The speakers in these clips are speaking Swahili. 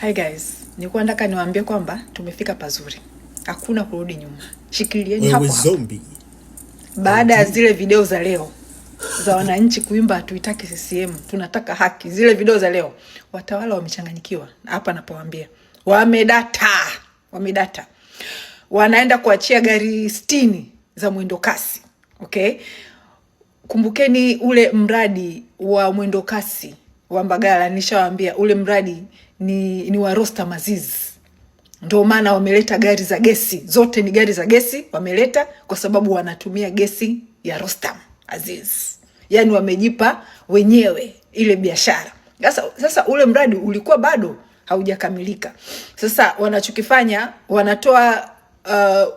Hi guys, nilikuwa nataka niwaambie kwamba tumefika pazuri, hakuna kurudi nyuma, shikilieni hapo zombi. Baada ya zile video za leo za wananchi kuimba hatuitaki CCM, tunataka haki, zile video za leo, watawala wamechanganyikiwa hapa napowaambia, wamedata, wamedata, wanaenda kuachia gari sitini za mwendo kasi. Okay, kumbukeni ule mradi wa mwendo kasi wa Mbagala, nishawaambia ule mradi ni, ni warosta mazizi ndio maana wameleta gari za gesi, zote ni gari za gesi wameleta, kwa sababu wanatumia gesi ya Rostam Aziz. Yani wamejipa wenyewe ile biashara sasa. Sasa ule mradi ulikuwa bado haujakamilika. Sasa wanachokifanya wanatoa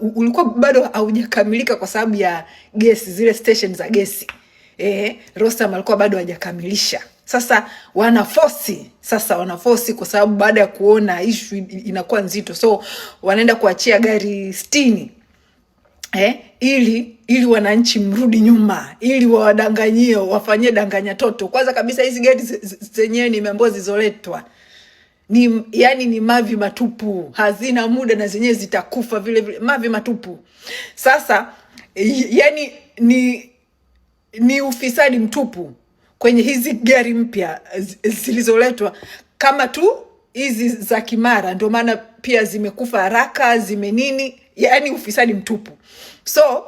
uh, ulikuwa bado haujakamilika kwa sababu ya gesi, zile station za gesi eh, Rostam alikuwa bado hajakamilisha. Sasa wanafosi sasa wanafosi kwa sababu baada ya kuona ishu inakuwa nzito, so wanaenda kuachia gari sitini eh, ili ili wananchi mrudi nyuma, ili wawadanganyie, wafanyie danganya toto. Kwanza kabisa hizi gari zenyewe nimeambiwa zilizoletwa ni yani ni mavi matupu, hazina muda na zenyewe zitakufa vile vile, mavi matupu. Sasa eh, yani ni ni ufisadi mtupu kwenye hizi gari mpya zilizoletwa kama tu hizi za Kimara, ndio maana pia zimekufa haraka, zimenini, yaani ufisadi mtupu. So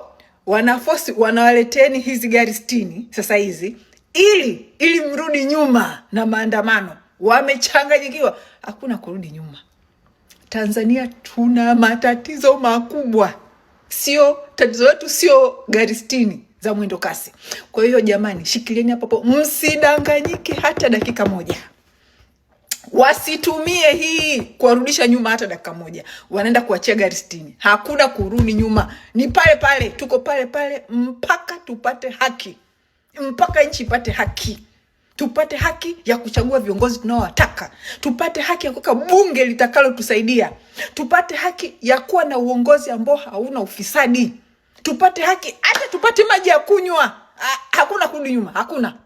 wanafosi wanawaleteni hizi gari stini sasa hizi, ili ili mrudi nyuma na maandamano. Wamechanganyikiwa, hakuna kurudi nyuma. Tanzania tuna matatizo makubwa, sio tatizo letu, sio gari stini za mwendo kasi. Kwa hiyo jamani, shikilieni hapo, msidanganyike hata dakika moja. Wasitumie hii kuwarudisha nyuma hata dakika moja. Wanaenda kuachia gari sitini, hakuna kurudi nyuma, ni pale pale, tuko pale pale mpaka tupate haki, mpaka nchi ipate haki tupate haki ya kuchagua viongozi tunaowataka, tupate haki ya kuweka bunge litakalotusaidia, tupate haki ya kuwa na uongozi ambao hauna ufisadi tupate haki, hata tupate maji ya kunywa. Ah, hakuna kurudi nyuma, hakuna.